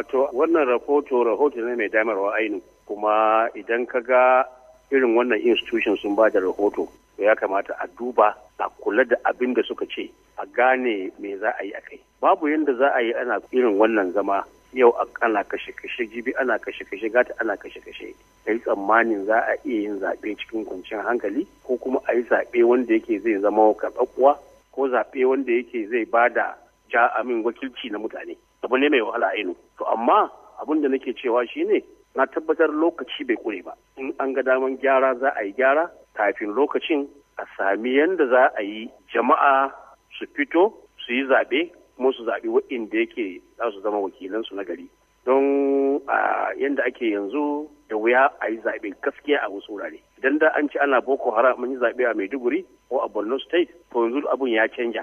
to wannan rahoto rahoto ne mai damarwa ainihin kuma idan ka ga irin wannan institution sun ba da rahoto ya kamata a duba a kula da abin da suka ce a gane me za a yi a kai babu yadda za a yi ana irin wannan zama yau ana kashe kashe jibi ana kashe kashe gata ana kashe kashe yi tsammanin za a iya yin zaɓe cikin kwanciyar hankali ko kuma a yi zaɓe wanda yake zai zama karɓaɓɓuwa ko zaɓe wanda yake zai ba da ja amin wakilci na mutane abu ne mai wahala ainu to amma abin da nake cewa shine na tabbatar lokaci bai ƙure ba in an ga daman gyara za a yi gyara kafin lokacin a sami yadda za a yi jama'a su fito su yi zaɓe kuma su zaɓi waɗanda yake za su zama wakilansu na gari don a yadda ake yanzu da wuya a yi zaɓe gaskiya a wasu wurare idan da an ci ana boko haram mun yi zaɓe a maiduguri ko a borno state to yanzu abun ya canja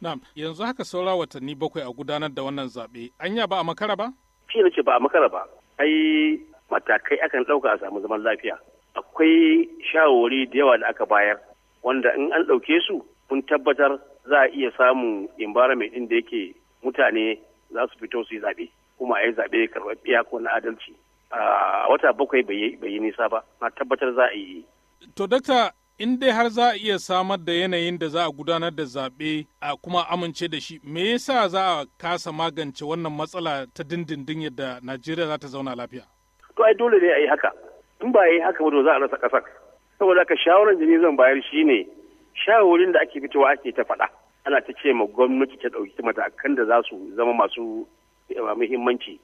Na'am, yanzu haka saura watanni bakwai a gudanar da wannan zaɓe. Anya ba a makara ba? Shi ce ba a makara ba. Ai matakai akan ɗauka a samu zaman lafiya. Akwai shawarwari da yawa da aka bayar wanda in an ɗauke su kun tabbatar za a iya samun mai ɗin da yake mutane za su fito su yi zaɓe kuma a yi zaɓe karɓaɓɓiya ko na adalci. A wata bakwai bai yi nisa ba, na tabbatar za a yi. To, dakta in dai har za a iya samar da yanayin da za a gudanar da zaɓe a kuma amince da shi me yasa za a kasa magance wannan matsala ta dindindin yadda najeriya za ta zauna lafiya to ai dole ne a yi haka in ba a yi haka ba to za a rasa ƙasar saboda haka shawaran da ni zan bayar ne shawarin da ake fitowa ake ta faɗa ana ta ce ma gwamnati ta ɗauki matakan da za su zama masu eh, muhimmanci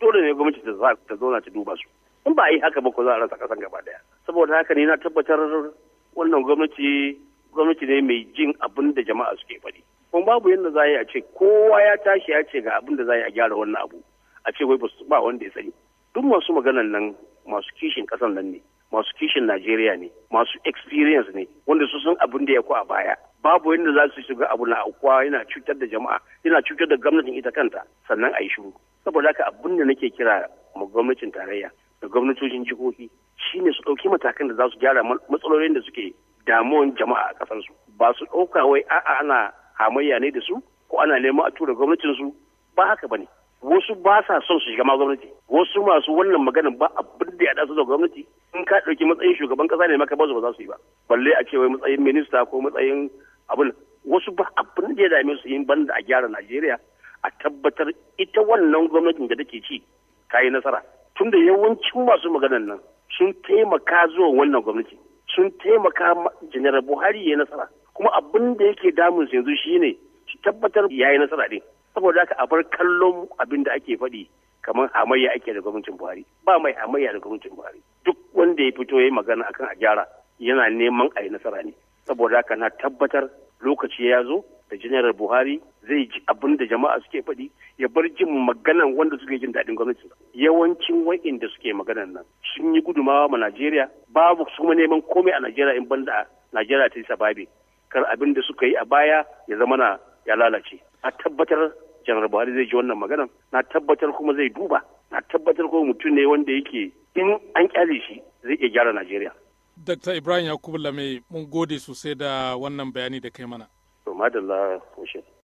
dole ne gwamnati ta zauna ta duba su in ba a yi haka ba ko za a rasa ƙasar gaba ɗaya saboda haka ne na tabbatar wannan gwamnati gwamnati ne mai jin abin da jama'a suke faɗi kuma babu yadda za a ce kowa ya tashi ya ce ga abin da za a gyara wannan abu a ce wai ba wanda ya sani duk masu maganan nan masu kishin ƙasan nan ne masu kishin Najeriya ne masu experience ne wanda su san abin da ya ku a baya babu yadda za su shiga abu na aukuwa yana cutar da jama'a yana cutar da gwamnatin ita kanta sannan a yi shiru saboda haka abin da nake kira ma gwamnatin tarayya da gwamnatocin jihohi Shi ne su ɗauki matakan da za su gyara matsalolin da suke damuwan jama'a a ƙasarsu ba su ɗauka wai a'a ana hamayya ne da su ko ana neman a tura gwamnatinsu ba haka ba ne wasu ba sa son su shiga ma gwamnati wasu masu wannan maganan ba abin da ya da su da gwamnati in ka ɗauki matsayin shugaban ƙasa ne maka ba su ba za su yi ba balle a ce wai matsayin minista ko matsayin abin wasu ba abin da ya dame su yin banda a gyara Najeriya a tabbatar ita wannan gwamnatin da take ci ka yi nasara tunda yawancin masu maganan nan sun taimaka zuwa wannan gwamnati sun taimaka janar buhari ya nasara kuma abin da yake damun su yanzu shine su tabbatar ya yi nasara din saboda haka a bar kallon abin da ake faɗi kamar hamayya ake da gwamnatin buhari ba mai hamayya da gwamnatin buhari duk wanda ya fito ya yi magana akan a gyara yana neman a yi nasara ne saboda haka na tabbatar lokaci ya zo da janar buhari zai ji abin da jama'a suke faɗi ya bar jin maganan wanda suke jin daɗin gwamnati yawancin da suke maganan nan sun yi gudumawa ma najeriya babu su kuma neman komai a najeriya in banda najeriya ta yi sababe kar abin da suka yi a baya ya zama na ya lalace a tabbatar janar buhari zai ji wannan maganan na tabbatar kuma zai duba na tabbatar kuma mutum ne wanda yake in an kyale shi zai iya gyara najeriya Dr. Ibrahim Yakubu Lame mun gode sosai da wannan bayani da kai mana. To madalla